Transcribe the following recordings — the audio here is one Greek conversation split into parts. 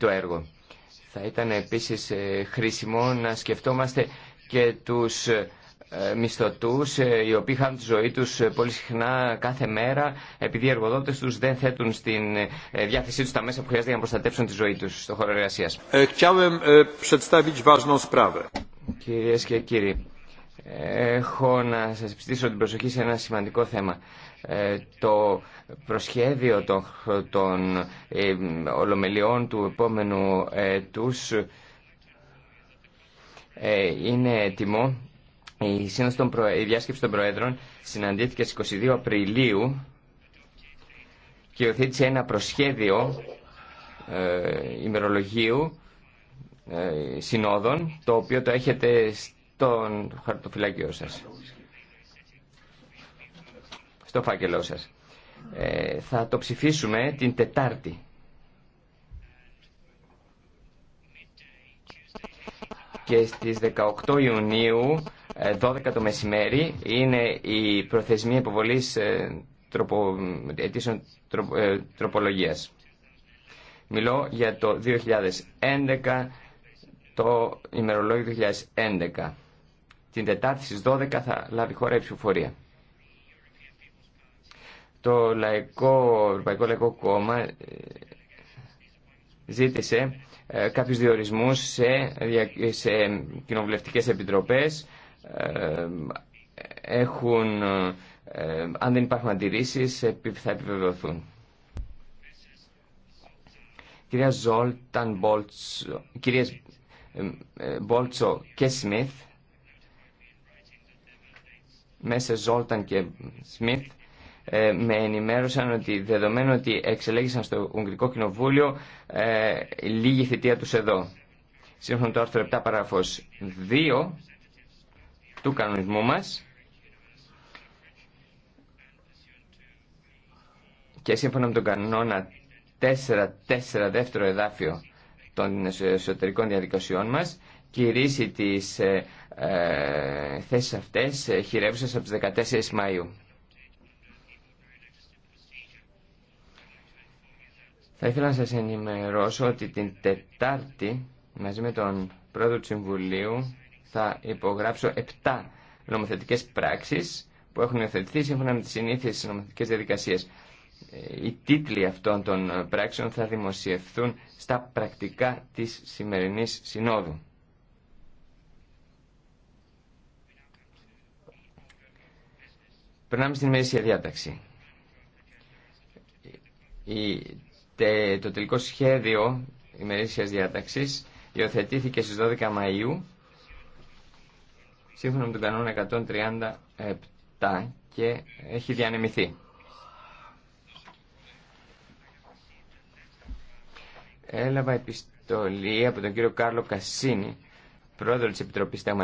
το έργο. Θα ήταν επίσης ε, χρήσιμο να σκεφτόμαστε και τους ε, μισθωτούς ε, οι οποίοι χάνουν τη ζωή τους πολύ συχνά κάθε μέρα επειδή οι εργοδότες τους δεν θέτουν στη διάθεσή τους τα μέσα που χρειάζεται για να προστατεύσουν τη ζωή τους στον χώρο εργασίας. Κυρίες και κύριοι, έχω να σας πιστήσω την προσοχή σε ένα σημαντικό θέμα. Ε, το προσχέδιο των, των ε, ολομελιών του επόμενου έτους ε, είναι έτοιμο. Η, σύνοση των προ... η διάσκεψη των Προέδρων συναντήθηκε στις 22 Απριλίου και οθήτησε ένα προσχέδιο ημερολογίου ε, συνόδων, το οποίο το έχετε στον χαρτοφυλάκιό σας. Στο φάκελό σας. Ε, θα το ψηφίσουμε την Τετάρτη. Και στις 18 Ιουνίου, 12 ε, το μεσημέρι, είναι η προθεσμία υποβολής ε, τροπο, αιτήσεων ε, τροπολογίας. Μιλώ για το 2011, το ημερολόγιο 2011 την Τετάρτη στις 12 θα λάβει χώρα η ψηφοφορία. Το Λαϊκό, Ευρωπαϊκό Λαϊκό Κόμμα ε, ζήτησε ε, κάποιους διορισμούς σε, σε κοινοβουλευτικές επιτροπές. Ε, έχουν, αν δεν υπάρχουν αντιρρήσεις, θα επιβεβαιωθούν. Κυρία Ζόλταν Μπόλτσο, Μπόλτσο και Σμιθ, μέσα Ζόλταν και Σμιθ ε, με ενημέρωσαν ότι δεδομένου ότι εξελέγησαν στο Ουγγρικό Κοινοβούλιο ε, λίγη θητεία τους εδώ. Σύμφωνα με το άρθρο 7 παράγραφος 2 του κανονισμού μας και σύμφωνα με τον κανόνα 4-4 δεύτερο εδάφιο των εσωτερικών διαδικασιών μας κηρύσει τις ε, ε, θέσεις αυτές ε, χειρεύουσες από τις 14 Μαΐου. Θα ήθελα να σας ενημερώσω ότι την Τετάρτη μαζί με τον Πρόεδρο του Συμβουλίου θα υπογράψω 7 νομοθετικές πράξεις που έχουν υιοθετηθεί σύμφωνα με τις συνήθειες νομοθετικές διαδικασίες. Ε, οι τίτλοι αυτών των πράξεων θα δημοσιευθούν στα πρακτικά της σημερινής συνόδου. Περνάμε στην ημερήσια διάταξη. το τελικό σχέδιο ημερήσια διάταξη υιοθετήθηκε στι 12 Μαου σύμφωνα με τον κανόνα 137 και έχει διανεμηθεί. Έλαβα επιστολή από τον κύριο Κάρλο Κασίνη, πρόεδρο της Επιτροπής ε,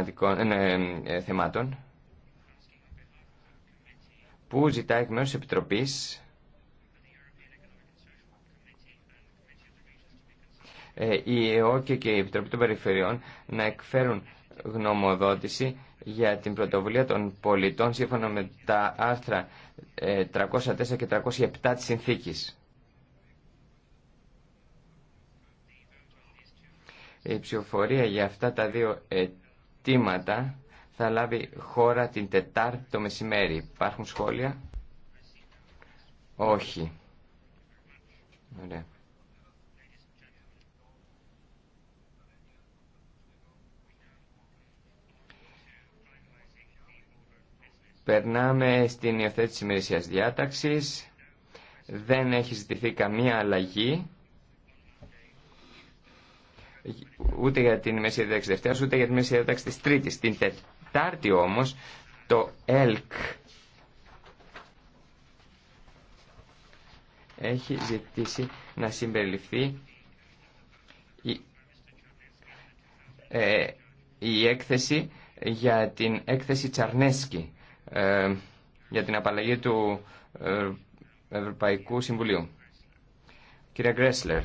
ε, ε, Θεμάτων, που ζητάει εκ μέρους της Επιτροπής ε, η ΕΟΚΕ και η Επιτροπή των Περιφερειών να εκφέρουν γνωμοδότηση για την πρωτοβουλία των πολιτών σύμφωνα με τα άρθρα 304 ε, και 307 της Συνθήκης. Η ψηφοφορία για αυτά τα δύο ετήματα θα λάβει χώρα την Τετάρτη το μεσημέρι. Υπάρχουν σχόλια? Όχι. Περνάμε στην υιοθέτηση ημερησίας διάταξης. Δεν έχει ζητηθεί καμία αλλαγή ούτε για την ημερησία διάταξη Δευτέρα, ούτε για την ημερησία διάταξη τη τρίτη, την Τέταρτη. Τετάρτη όμως το ΕΛΚ έχει ζητήσει να συμπεριληφθεί η, ε, η έκθεση για την έκθεση Τσαρνέσκι ε, για την απαλλαγή του ε, Ευρωπαϊκού Συμβουλίου. Κύριε Γκρέσλερ.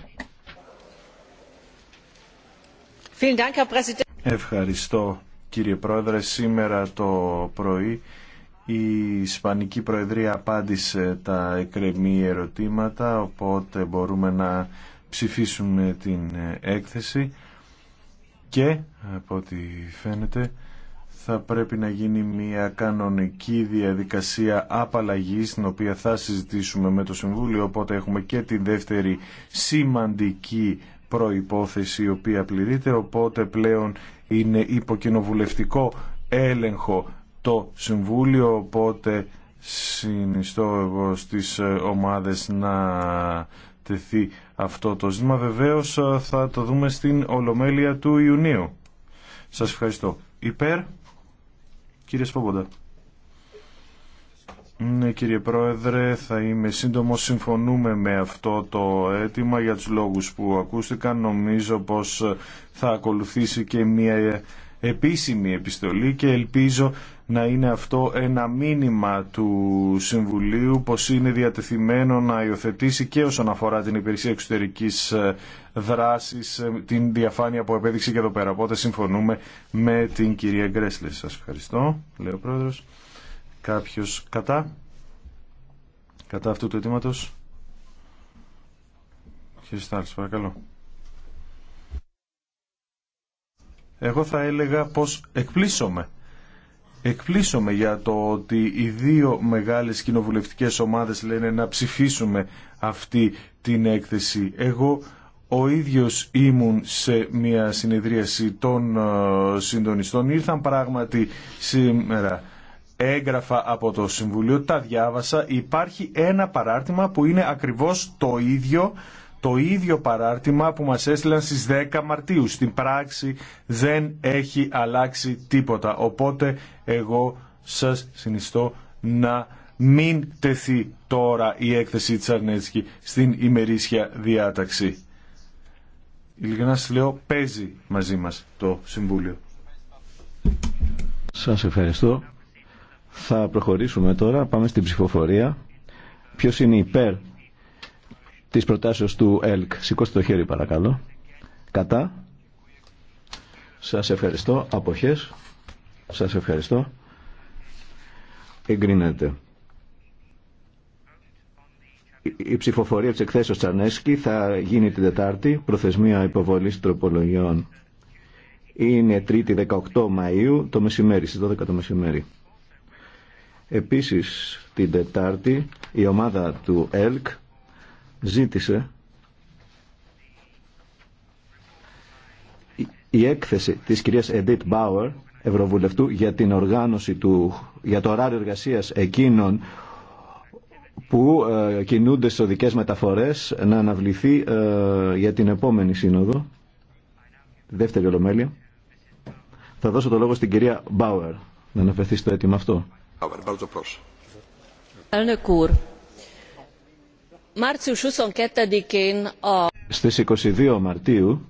Ευχαριστώ κύριε Πρόεδρε. Σήμερα το πρωί η Ισπανική Προεδρία απάντησε τα εκρεμή ερωτήματα, οπότε μπορούμε να ψηφίσουμε την έκθεση και, από ό,τι φαίνεται, θα πρέπει να γίνει μια κανονική διαδικασία απαλλαγής την οποία θα συζητήσουμε με το Συμβούλιο οπότε έχουμε και τη δεύτερη σημαντική προϋπόθεση η οποία πληρείται οπότε πλέον είναι υποκοινοβουλευτικό έλεγχο το Συμβούλιο, οπότε συνιστώ εγώ στις ε, ομάδες να τεθεί αυτό το ζήτημα. Βεβαίως ε, θα το δούμε στην Ολομέλεια του Ιουνίου. Σας ευχαριστώ. Υπέρ, κύριε Σπομποντα. Ναι κύριε Πρόεδρε, θα είμαι σύντομο. Συμφωνούμε με αυτό το αίτημα για τους λόγους που ακούστηκαν. Νομίζω πως θα ακολουθήσει και μια επίσημη επιστολή και ελπίζω να είναι αυτό ένα μήνυμα του Συμβουλίου πως είναι διατεθειμένο να υιοθετήσει και όσον αφορά την υπηρεσία εξωτερικής δράσης την διαφάνεια που επέδειξε και εδώ πέρα. Οπότε συμφωνούμε με την κυρία Γκρέσλε. Σας ευχαριστώ, Πρόεδρος κάποιος κατά κατά αυτού του αιτήματος κύριε παρακαλώ εγώ θα έλεγα πως εκπλήσωμε εκπλήσωμε για το ότι οι δύο μεγάλες κοινοβουλευτικές ομάδες λένε να ψηφίσουμε αυτή την έκθεση εγώ ο ίδιος ήμουν σε μια συνεδρίαση των ε, συντονιστών ήρθαν πράγματι σήμερα έγγραφα από το Συμβουλίο, τα διάβασα, υπάρχει ένα παράρτημα που είναι ακριβώς το ίδιο το ίδιο παράρτημα που μας έστειλαν στις 10 Μαρτίου. Στην πράξη δεν έχει αλλάξει τίποτα. Οπότε εγώ σας συνιστώ να μην τεθεί τώρα η έκθεση της στην ημερήσια διάταξη. Ειλικρινά σας λέω παίζει μαζί μας το Συμβούλιο. Σας ευχαριστώ. Θα προχωρήσουμε τώρα, πάμε στην ψηφοφορία. Ποιος είναι υπέρ της προτάσεως του ΕΛΚ. Σηκώστε το χέρι παρακαλώ. Κατά. Σας ευχαριστώ. Αποχές. Σας ευχαριστώ. Εγκρίνεται. Η ψηφοφορία της εκθέσεως Τσανέσκη θα γίνει την Τετάρτη, προθεσμία υποβολής τροπολογιών. τρίτη 18 Μαΐου το μεσημέρι, στις 12 το μεσημέρι. Επίσης την Τετάρτη η ομάδα του ΕΛΚ ζήτησε η έκθεση της κυρίας Edith Bauer, Ευρωβουλευτού, για την οργάνωση του, για το ωράριο εργασίας εκείνων που ε, κινούνται στις οδικές μεταφορές να αναβληθεί ε, για την επόμενη σύνοδο, τη δεύτερη ολομέλεια. Θα δώσω το λόγο στην κυρία Μπάουερ να αναφερθεί στο αίτημα αυτό. Στις 22 Μαρτίου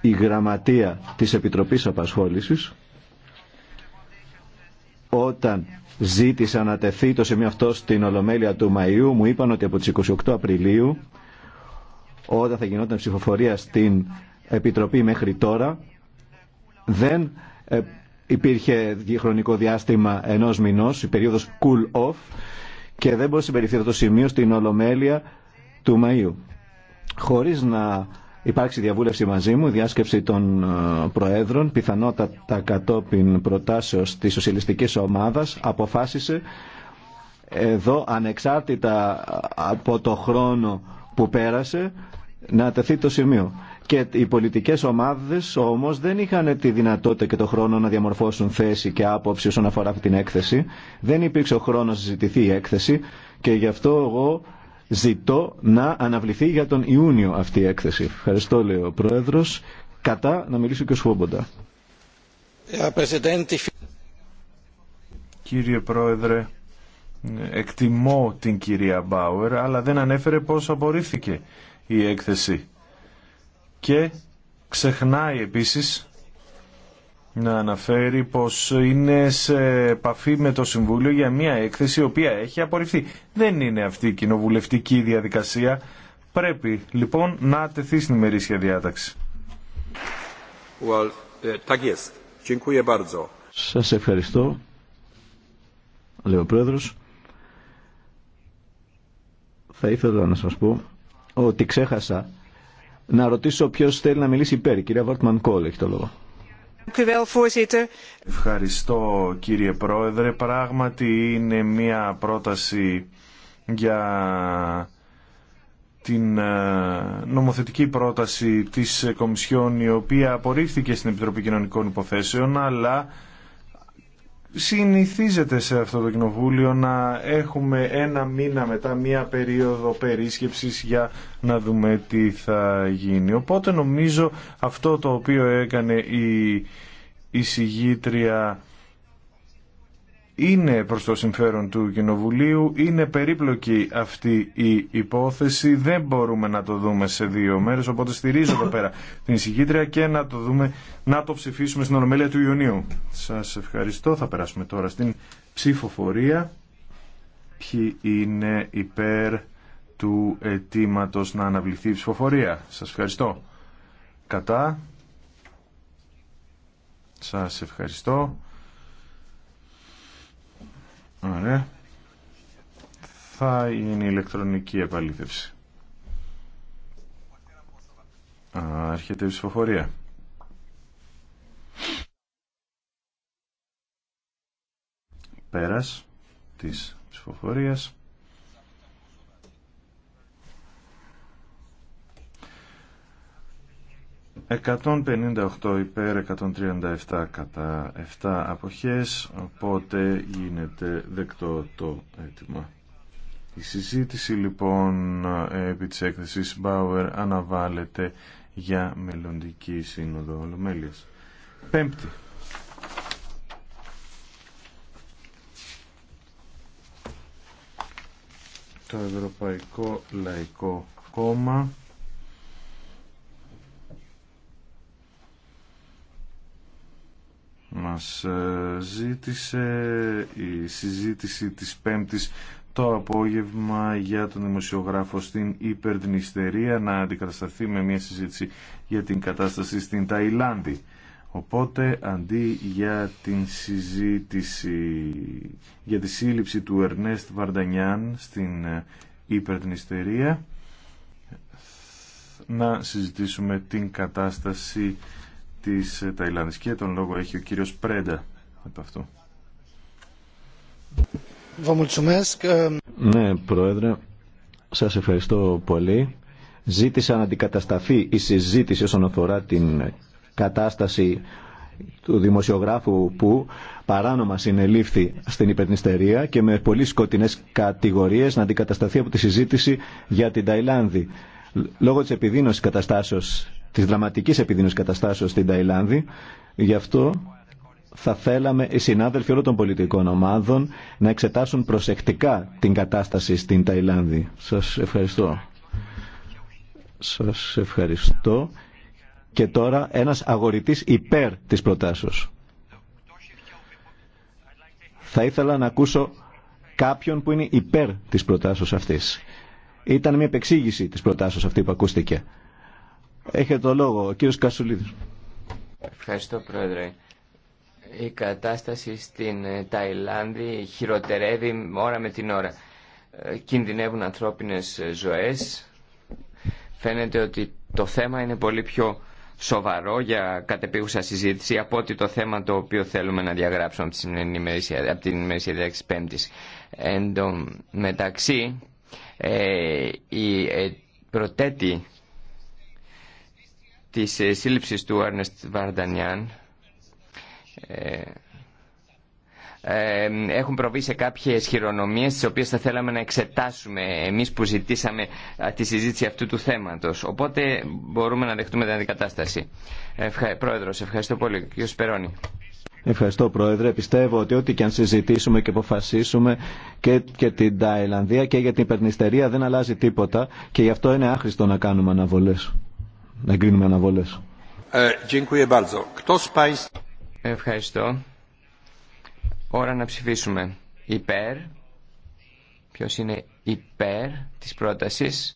η γραμματεία της Επιτροπής Απασχόλησης όταν ζήτησα να τεθεί το σημείο αυτό στην Ολομέλεια του Μαΐου μου είπαν ότι από τις 28 Απριλίου όταν θα γινόταν ψηφοφορία στην Επιτροπή μέχρι τώρα δεν ε, υπήρχε χρονικό διάστημα ενός μηνός, η περίοδος cool off και δεν μπορούσε να συμπεριφθεί το σημείο στην Ολομέλεια του Μαΐου. Χωρίς να υπάρξει διαβούλευση μαζί μου, διάσκεψη των ε, Προέδρων, πιθανότατα κατόπιν προτάσεως της σοσιαλιστική ομάδας, αποφάσισε εδώ ανεξάρτητα από το χρόνο που πέρασε να τεθεί το σημείο. Και οι πολιτικές ομάδες όμως δεν είχαν τη δυνατότητα και το χρόνο να διαμορφώσουν θέση και άποψη όσον αφορά αυτή την έκθεση. Δεν υπήρξε ο χρόνος να συζητηθεί η έκθεση και γι' αυτό εγώ ζητώ να αναβληθεί για τον Ιούνιο αυτή η έκθεση. Ευχαριστώ λέει ο Πρόεδρο. Κατά να μιλήσω και ο Σφόμποντα. Κύριε Πρόεδρε, εκτιμώ την κυρία Μπάουερ, αλλά δεν ανέφερε πώς απορρίφθηκε η έκθεση. Και ξεχνάει επίσης να αναφέρει πως είναι σε επαφή με το Συμβούλιο για μια έκθεση η οποία έχει απορριφθεί. Δεν είναι αυτή η κοινοβουλευτική διαδικασία. Πρέπει λοιπόν να τεθεί στην ημερήσια διάταξη. Ε, σας ευχαριστώ, λέει ο Θα ήθελα να σας πω ότι ξέχασα να ρωτήσω ποιο θέλει να μιλήσει υπέρ. κυρία Βόρτμαν Κόλ έχει το λόγο. Ευχαριστώ κύριε Πρόεδρε. Πράγματι είναι μια πρόταση για την ε, νομοθετική πρόταση της Κομισιόν η οποία απορρίφθηκε στην Επιτροπή Κοινωνικών Υποθέσεων αλλά συνηθίζεται σε αυτό το κοινοβούλιο να έχουμε ένα μήνα μετά μία περίοδο περίσκεψης για να δούμε τι θα γίνει. Οπότε νομίζω αυτό το οποίο έκανε η εισηγήτρια είναι προς το συμφέρον του Κοινοβουλίου, είναι περίπλοκη αυτή η υπόθεση, δεν μπορούμε να το δούμε σε δύο μέρες, οπότε στηρίζω εδώ πέρα την εισηγήτρια και να το δούμε, να το ψηφίσουμε στην Ορμέλεια του Ιουνίου. Σας ευχαριστώ, θα περάσουμε τώρα στην ψηφοφορία. Ποιοι είναι υπέρ του αιτήματο να αναβληθεί η ψηφοφορία. Σας ευχαριστώ. Κατά. Σας ευχαριστώ. Ωραία. Θα είναι η ηλεκτρονική επαλήθευση. Άρχεται η ψηφοφορία. Πέρας της ψηφοφορίας. 158 υπέρ 137 κατά 7 αποχές οπότε γίνεται δεκτό το αίτημα. Η συζήτηση λοιπόν επί της έκθεσης Bauer αναβάλλεται για μελλοντική σύνοδο Ολομέλειας. Πέμπτη. Το Ευρωπαϊκό Λαϊκό Κόμμα μας ε, ζήτησε η συζήτηση της Πέμπτης το απόγευμα για τον δημοσιογράφο στην υπερδνηστερία να αντικατασταθεί με μια συζήτηση για την κατάσταση στην Ταϊλάνδη. Οπότε αντί για την συζήτηση για τη σύλληψη του Ερνέστ Βαρντανιάν στην ε, υπερδνηστερία να συζητήσουμε την κατάσταση της ε, Ταϊλάνδης και τον λόγο έχει ο κύριος Πρέντα από αυτό. Ε, ναι, Πρόεδρε, σας ευχαριστώ πολύ. Ζήτησα να αντικατασταθεί η συζήτηση όσον αφορά την κατάσταση του δημοσιογράφου που παράνομα συνελήφθη στην υπερνιστερία και με πολύ σκοτεινές κατηγορίες να αντικατασταθεί από τη συζήτηση για την Ταϊλάνδη. Λόγω της επιδείνωσης καταστάσεως της δραματικής επιδεινούς καταστάσεως στην Ταϊλάνδη. Γι' αυτό θα θέλαμε οι συνάδελφοι όλων των πολιτικών ομάδων να εξετάσουν προσεκτικά την κατάσταση στην Ταϊλάνδη. Σας ευχαριστώ. Σας ευχαριστώ. Και τώρα ένας αγορητής υπέρ της προτάσεως. Θα ήθελα να ακούσω κάποιον που είναι υπέρ της προτάσεως αυτής. Ήταν μια επεξήγηση της προτάσεως αυτή που ακούστηκε. Έχετε το λόγο, ο κύριος Κασουλίδης. Ευχαριστώ, Πρόεδρε. Η κατάσταση στην Ταϊλάνδη χειροτερεύει ώρα με την ώρα. Ε, κινδυνεύουν ανθρώπινες ζωές. Φαίνεται ότι το θέμα είναι πολύ πιο σοβαρό για κατεπίγουσα συζήτηση από ότι το θέμα το οποίο θέλουμε να διαγράψουμε από, την από την ημερήσια διάξη Πέμπτης. Εν τω μεταξύ, ε, η ε, προτέτη της ε, σύλληψης του Αρνεστ Βαρντανιάν ε, έχουν προβεί σε κάποιες χειρονομίες τις οποίες θα θέλαμε να εξετάσουμε εμείς που ζητήσαμε τη συζήτηση αυτού του θέματος. Οπότε μπορούμε να δεχτούμε την αντικατάσταση. Ευχα... Πρόεδρος, ευχαριστώ πολύ. Κ. Σπερώνη. Ευχαριστώ Πρόεδρε. Πιστεύω ότι ό,τι και αν συζητήσουμε και αποφασίσουμε και, και την Ταϊλανδία και για την υπερνηστερία δεν αλλάζει τίποτα και γι' αυτό είναι άχρηστο να κάνουμε αναβολές να εγκρίνουμε Ε, Ευχαριστώ. Ώρα να ψηφίσουμε. Υπέρ. Ποιο είναι υπέρ τη πρόταση.